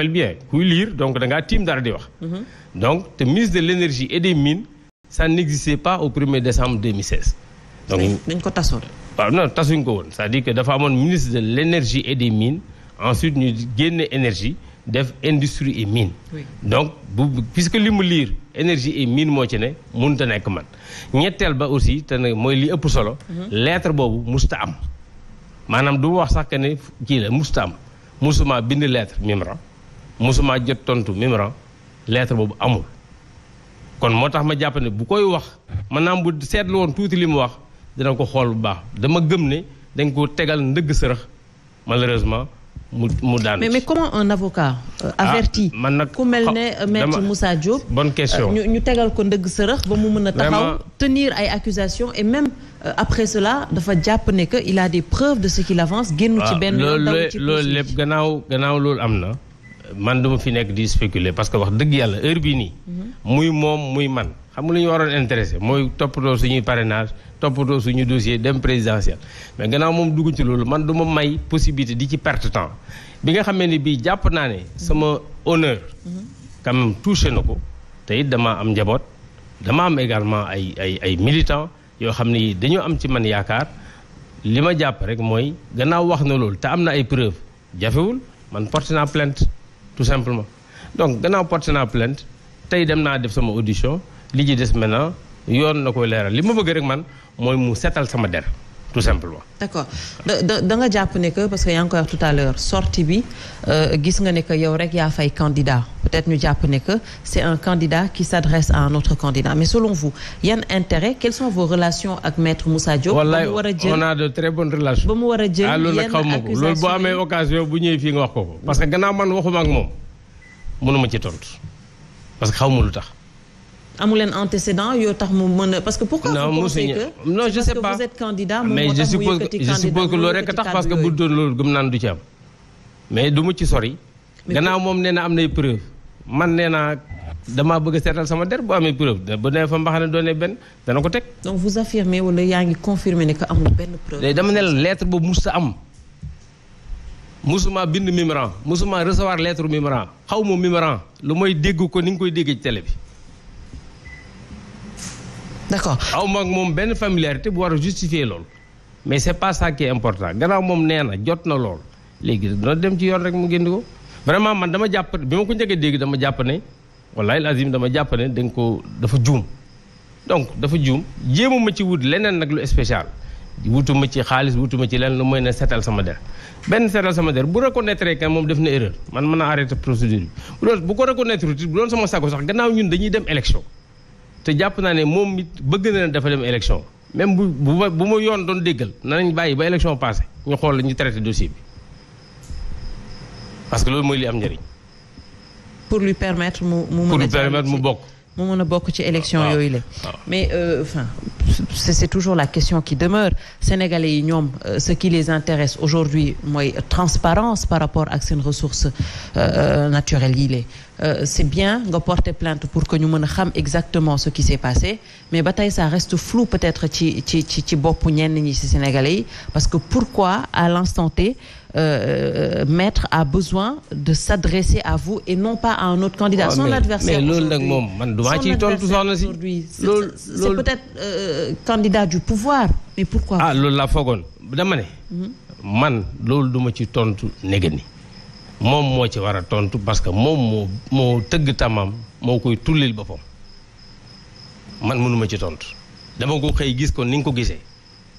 rappelle bien kuy liir donc da ngaa tiim dara di wax. Mhm. donc te ministre de l' et des mines ça n' existait pas au 1er décembre 2016. donc dañ ko tasoon. waaw non tasuñ ko woon c'est-à-dire que dafa amoon ministre de l' énergie et des mines ensuite ñu génne énergie def industrie et mine. donc bu puisque li mu lire énergie et mine moo ci ne mënut a nekk man ñetteel ba aussi te ne mooy li ëpp solo. Mhm. lettre boobu musta am. maanaam du wax sax que kii la musta am musuma bind lettre Mimran mosuma jot tontu Mimran lettre boobu amul kon moo tax ma jàpp ne bu koy wax maanaam bu seetlu woon tuuti li mu wax dina ko xool bu baax dama gëm ne dañ ko tegal ndëgg sërëx malheureusement mu mu daan mais mais comment un avocat. Euh, ah, averti man nag ku mel ne euh, maître Moussa Diop. bonne question euh, ñu tegal ko ndëgg sërëx ba mu mën a. taxaw tenir ay accusations et même après cela dafa jàpp ne que il a des preuves de ce qu'il avance. génn ci ah, benn loolu lépp gannaaw gannaaw loolu am na. man duma fi nekk di spéculer parce que wax dëgg yàlla heure bii nii. Mhm. muy moom muy man xam nga lu ñu waroon intéressé mooy toppatoo suñuy parrainage toppatoo suñu dossier dem présidentiel. mais gannaaw moom dugguñ ci loolu man du may possibilité di ci perte temps bi nga xamee ni bii jàpp naa ne sama honneur. Mhm. quand même touché na ko tey dama am njaboot dama am également ay ay ay militants yoo xam ne dañoo am ci man yaakaar li ma jàpp rek mooy gannaaw wax na loolu te am na ay preuves jafewul tout simplement donc gannaaw porté naa plainte tey dem naa def sama audition li ci des maintenant yoon na koy leeral li ma bëgg rek man mooy mu setal sama der tout simplement. d'accord da da nga jàpp ne que parce que yaa ngi koy wax tout à l'heure sortie bi euh, gis nga ne que yow yaa fay candidat peut-être ñu jàpp ne c'est un candidat qui s'adresse à un autre candidat mais selon vous yan intérêt quelles sont vos relations ak maître Moussa Diop. wallaay on a de très bonnes relations. ba mu war a jël ah, yenn loolu bu amee occasion bu ñëwee fii nga wax ko ko. parce que gannaaw man waxuma moom mënuma ci tontu parce que xaw ma lu tax. amu leen antécédent yoo tax mu mën a parce que. pourquoi vous pensez que non je sais pas vous êtes candidat mais parce que bu doon loolu gëm naan du ci am. mais du mu ci sori. gannaaw moom nee na am nay preuve man nee naa damaa bëgg a seetal sama der bu amee preuve bu nee mbaxane doonee benn dana ko teg. donc vous affirmez wala yaa ngi confirmer ne que amul benn preuve. dama ne la lettre mus sa am. musuma bind Mimran musuma recevoir lettre Mimran xaw ma Mimran lu mooy dégg ko ni nga koy déggee ci bi. d'accord aw ma ak moom benn familiarité bu war a justifier loolu mais c'est pas ça qui est important gannaaw moom nee na jot na lool léegi dina dem ci yoon rek mu génn ko vraiment man dama jàpp bi ma ko njëkk a dégg dama jàpp ne wallahi lazim dama jàpp ne dañ ko dafa juum donc dafa juum jéemuma ci wut leneen nag lu spécial wutuma ci xaalis wutuma ci leneen lu mooy ne setal sama der benn setal sama der bu reconnaître que moom def na erreur man mën a arrêté procédure bi bu doon bu ko sama sago sax gannaaw ñun dañuy dem élection te jàpp naa ne moom it bëgg na ne dafa dem élection même bu bu ma bu ma yoon doon déggal nañ bàyyi ba élection passé ñu xool la ñu traité dossier bi parce que loolu mooy li am njëriñ. pour lui permettre mu mu mën a. pour lui permettre mu bokk. mu mën a bokk ci ah, élection yooyu la. mais euh, enfin. c'est toujours la question qui demeure sénégalais yi ñoom euh, ce qui les intéresse aujourd'hui mooy transparence par rapport ak seen ressources euh, euh, naturelles yi lee c'est bien nga porter plainte pour que ñu mën a xam exactement ce qui s'est passé mais ba tey ça reste flou peut-être ci ci ci ci bopp ñenn ñi ci sénégalais yi parce que pourquoi à l'instant T Euh, euh, maître a besoin de s'adresser à vous et non pas à un autre candidat. Oh, son mais, adversaire mais loolu nag moom man du maa ciy tontu soxna si. loolu c'est peut-être euh, candidat du pouvoir mais pourquoi. Ah, loolu laa foogoon dama ne. Mhm. man loolu duma ci tontu négéni moom moo ci war a tontu parce que moom moo moo tëgg tamam moo koy tullil boppam man mënuma ci tontu dama ko xëy gis ko ni nga ko gisee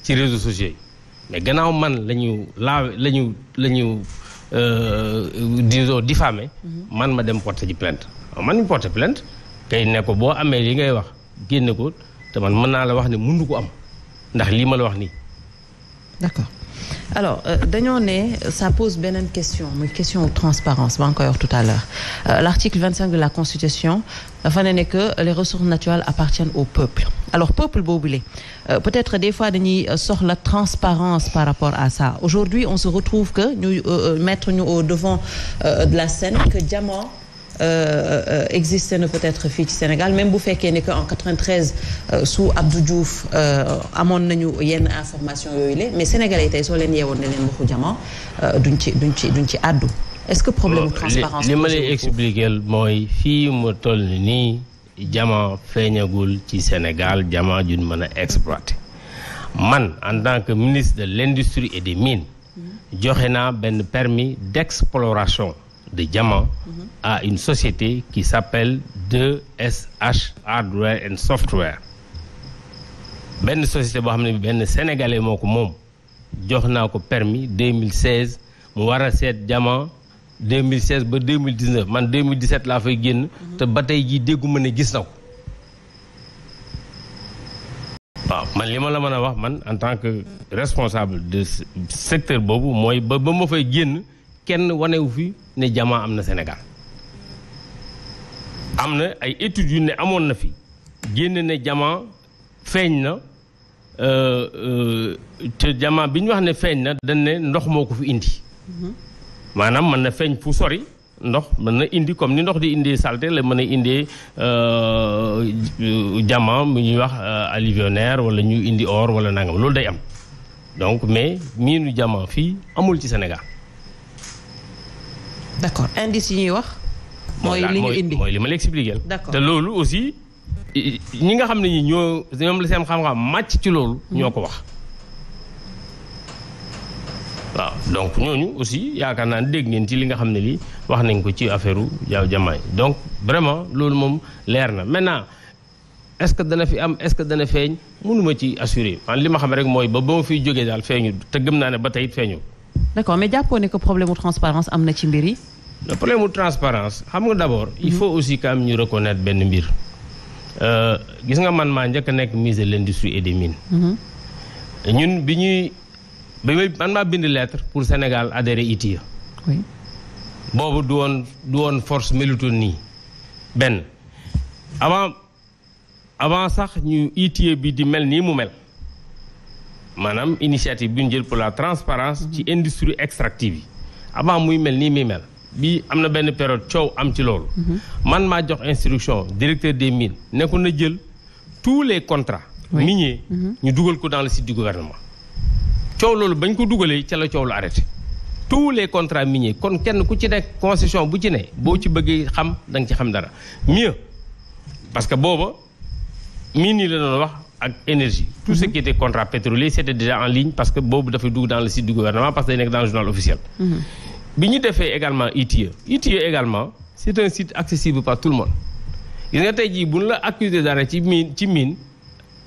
ci réseau sociaux yi. mais gannaaw man la ñu laaw la ñu la ñu euh, disons diffamé mhm. man ma dem porter ji plainte man ñu porter plainte kay ne ko boo amee li ngay wax génne ko te man mën naa la wax ne mënu ko am ndax lii ma la wax nii alors euh, dañoo ne ça pose beneen question muy question transparence maa ngi koy wax tout à l'heure euh, l'article 25 de la constitution dafa ne ne que les ressources naturelles appartiennent au peuple alors peuple boobule euh, peut-être des fois dañuy soxla transparence par rapport à ça aujourd'hui on se retrouve que ñu euh, euh ñu au devant euh, de la scène que diamant Euh, euh, existé na peut-être fii ci Sénégal même bu fekkee ni que en 93 euh, sous Abdou Diouf amoon nañu yenn information yooyu la mais sénégalais tey soo leen yeewoon ne leen waxu jamono duñ ci duñ ci duñ ci àddu. est-ce que problème mu transparence li ma lay expliquer mooy fii mu toll nii jamono feeñagul ci Sénégal jamono juñ mën a exploiter man en tant que ministre de l'industrie et des miine mm-hmm. joxe naa benn permis d'exploration. de diamant mm une société qui s'appelle 2SH Hardware and Software benn société boo xam ne benn sénégalais moo ko moom jox naa ko permis 2016 mu war a seet diamant 2016 ba 2019 man 2017 laa fay génn te ba tey jii dégguma ne gis na ko waaw man li ma la mën a wax man en tant que responsable de secteur boobu mooy ba ba ma fay génn kenn wanewu fi ne jamaa am na Sénégal am na ay études yu ne amoon na fi génn ne jamaa feeñ na euh, euh, te jamaa bi ñu wax ne feeñ na dañ ne ndox moo ko fi indi mhm. maanaam mën na feeñ fu sori ndox mën na indi comme ni ndox di indee saleté la mën a indee euh, jamaa mu ñuy wax alluvionnaire wala ñu indi or wala nangam loolu day am donc mais miinu jamaa fii amul ci Sénégal d' accord indice yi ñuy wax. mooy li ñu indi mooy li ma la expliqué. d' te loolu aussi ñi nga xam ne ñi ñoo ñoom la seen xam-xam màcc ci loolu. Mm-hmm. ñoo ko wax. waaw donc ñooñu aussi yaakaar naa dégg ngeen ci li nga xam ne lii wax nañ ko ci affaire jaaw jamaay donc vraiment loolu moom leer na maintenant est ce que dana fi am est ce que dana feeñ mënuma ci assurer man li ma xam rek mooy ba boo ma fiy jógee daal feeñu te gëm naa ne ba tey feeñu. d' accord mais jàppoo ne que problème mu transparence am na ci mbir yi. le problème mu transparence xam nga d' abord il mhm. faut aussi quand ñu reconnaître benn mbir euh, gis nga man maa njëkk a nekk ministre de l' industrie et des mines mhm. ñun bi ñuy bi may man maa bind lettre pour Sénégal adhérer ITIE boobu du woon force melutoon nii benn avant avant sax ñu ITIE bi di mel nii mu mel maanaam initiative bi ñu jël pour la transparence mhm. ci industrie extractive yi avant muy mel nii muy mel bi am na benn période coow am ci loolu. man maa jox instruction directeur des mines ne na jël tous les contrats. miniers mhm. ñu dugal ko dans le site du gouvernement. coow loolu bañ ko dugalee ca la coow lu arrêté. tous les contrats miniers kon kenn ku ci nekk concession bu ci ne boo ci bëggee xam da ci xam dara mieux parce que booba mine yi la doon wax ak énergie tout ce mhm. qui était contrat pétrolier c'était déjà en ligne parce que boobu dafay dugg dans le site du bi ñu defee également ITIE ITIE également c' est un site accessible par tout le monde gis nga tey jii bu ñu la accuser dara ci mine ci mine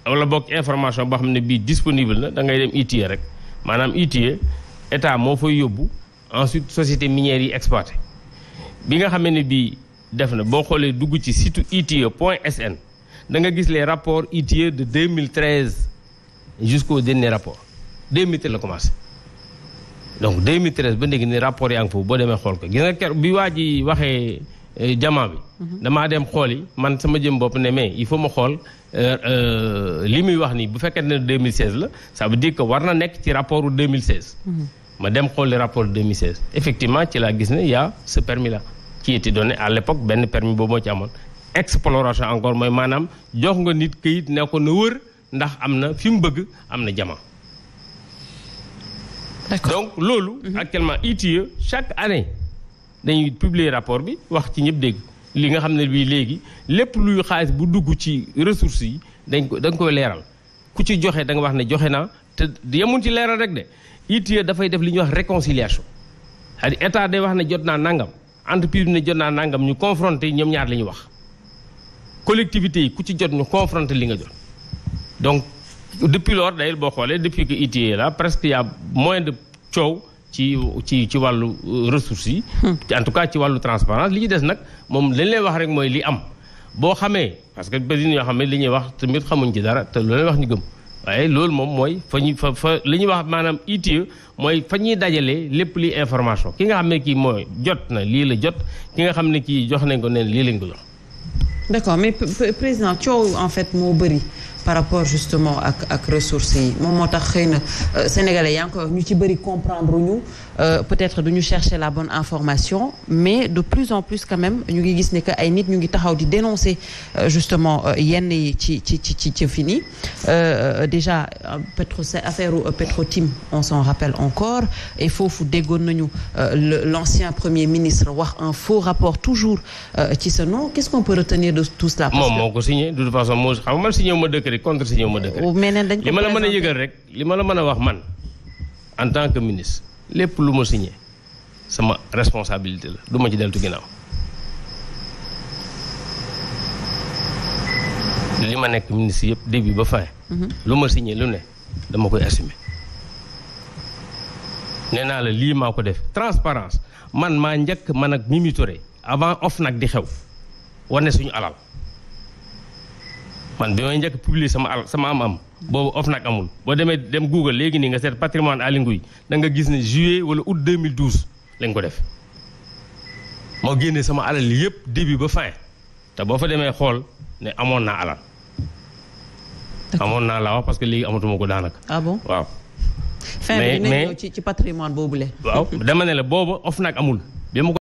wala boog information boo xam ne bii disponible na da ngay dem ITIE rek maanaam ITIE état moo fay yóbbu ensuite société minière yi exploité bi nga xam ne bii def na boo xoolee dugg ci site ITIE point sn da nga gis les rapport ITIE de 2013 jusqu'au dernier rapport 2013 la commencé. donc 2013 ba léegi ni rapport yaa ngi foofu boo demee xool ko gis nga ker bi waa ji waxee euh, jamaa bi. Mhm. damaa dem xool yi man sama jëm bopp ne mais il faut ma xool euh, euh, li muy wax nii bu fekkee ne 2016 la ça veut dire que war na nekk ci rapport 2016. Mhm. ma dem xool le rapport 2016 effectivement ci laa gis ne y' a ce permis là qui était donné à l' benn permis boobu moo ci amoon. exploration encore mooy maanaam jox nga nit këyit ne ko na wër ndax am na fi mu bëgg am na jamaa. donc loolu. Mhm. actuellement ITIE chaque année dañuy publier rapport bi wax ci ñëpp dégg li nga xam ne bii léegi lépp luy xaalis bu dugg ci ressource yi dañ ko dañ koy leeral ku ci joxe da nga wax ne joxe naa te yemuñ ci leeral rek de ITIE dafay def li ñuy wax réconciliation c'est-à-dire état day wax ne jot naa nangam entreprise bi ne jot naa nangam ñu confronté ñoom ñaar li ñu wax collectivité yi ku ci jot ñu confronté li nga jot depuis lors d'ailleurs boo xoolee depuis que ITIE est presque y a de coow ci ci ci wàllu euh, ressources yi. Hmm. en tout cas ci wàllu transparence li ñu des nag moom lañ lay wax rek mooy li am. boo xamee parce que bëri na ñoo xam ne li ñuy wax tamit xamuñ ci dara te loolu wax ñu gëm waaye loolu moom mooy fa ñuy fa fa li ñuy wax maanaam ITIE mooy fa ñuy dajalee lépp li information ki nga xam ne kii mooy jot na lii la jot ki nga xam ne kii jox nañ ko neen lii lañ ko jox. par rapport justement ak ak ressources yi moom moo tax xëy na euh, sénégalais yaa ngi koy ñu ci bëri comprendre ñu euh, peut-être ñu chercher la bonne information mais de plus en plus quand même ñu ngi gis ne que ay nit ñu ngi taxaw di dénoncer euh, justement yenn yi ci ci ci ci ci fini déjà pétro affaire Petro-Tim on s'en rappelle encore et foofu déggoon nañu l'ancien premier ministre wax un faux rapport toujours ci sa nom qu'est-ce qu'on peut retenir de tout cela moom moo rek si ñoom ma dëkk rek li ma la mën a yëgal rek li ma la mën a wax man en tant que ministre lépp lu ma signé sama responsabilité la du ma ci deltu ginnaaw li ma nekk ministre yëpp début ba fin mhm. lu ma signé lu ne dama koy assumer nee naa la lii maa ko def transparence man maa njëkk man ak Mimi Touré avant nag di xew wane suñu alal man bi may njëkk publier sama al sama am-am boobu OFNAC amul boo demee dem Google léegi nii nga seet patrimoine Aly Ngouille da nga gis ne juillet wala août 2012 lañ ko def moo génnee sama alal yëpp début ba fin te boo fa demee xool ne amoon naa alal. amoon naa laa wax parce que léegi amatuma ko daanaka. ah bon waaw. mais mais fin bi dinañ ci patrimoine boobu le waaw dama ne la boobu OFNAC amul.